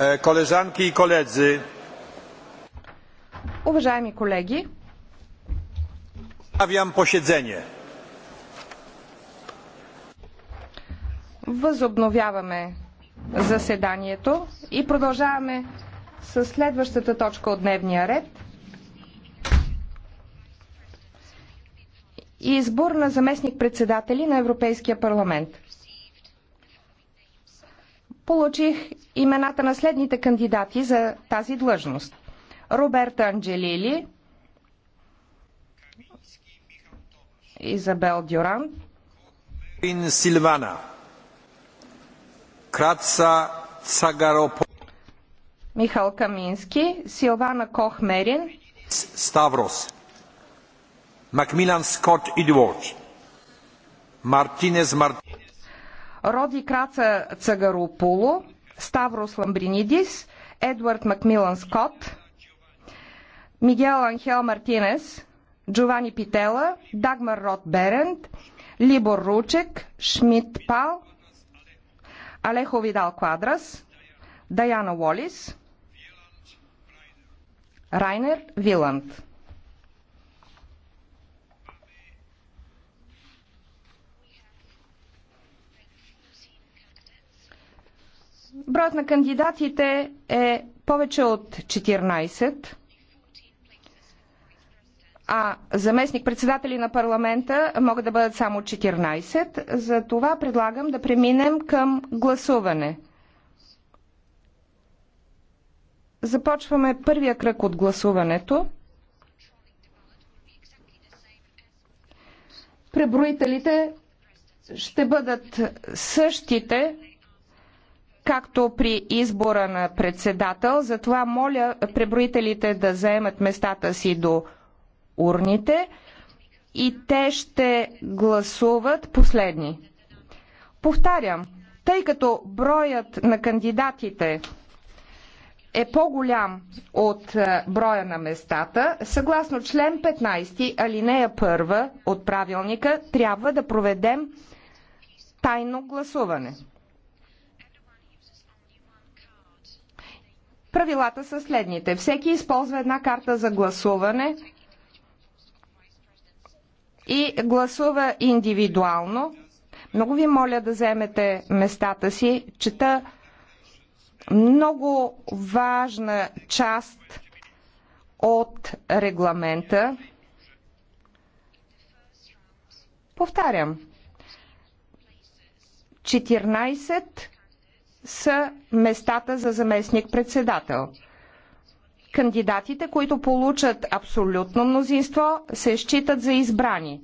E, Уважаеми колеги, Възобновяваме заседанието и продължаваме с следващата точка от дневния ред. избор на заместник-председатели на Европейския парламент получих имената на следните кандидати за тази длъжност. Роберта Анджелили, Изабел Дюран, Силвана, Краца Цагаропо, Михал Камински, Силвана Кохмерин, Ставрос, Макмилан Скот Идворд, Мартинес Мартинес, Роди Краца Цагарополо, Ставрос Ламбринидис, Едвард Макмилан Скот, Мигел Анхел Мартинес, Джовани Питела, Дагмар Рот Берент, Либор Ручек, Шмидт Пал, Алехо Видал Квадрас, Даяна Уолис, Райнер Виланд. Броят на кандидатите е повече от 14, а заместник-председатели на парламента могат да бъдат само 14. За това предлагам да преминем към гласуване. Започваме първия кръг от гласуването. Преброителите ще бъдат същите, както при избора на председател. Затова моля преброителите да заемат местата си до урните и те ще гласуват последни. Повтарям, тъй като броят на кандидатите е по-голям от е, броя на местата, съгласно член 15, алинея 1 от правилника, трябва да проведем тайно гласуване. Правилата са следните. Всеки използва една карта за гласуване и гласува индивидуално. Много ви моля да вземете местата си. Чета много важна част от регламента. Повтарям. 14 са местата за заместник-председател. Кандидатите, които получат абсолютно мнозинство, се считат за избрани.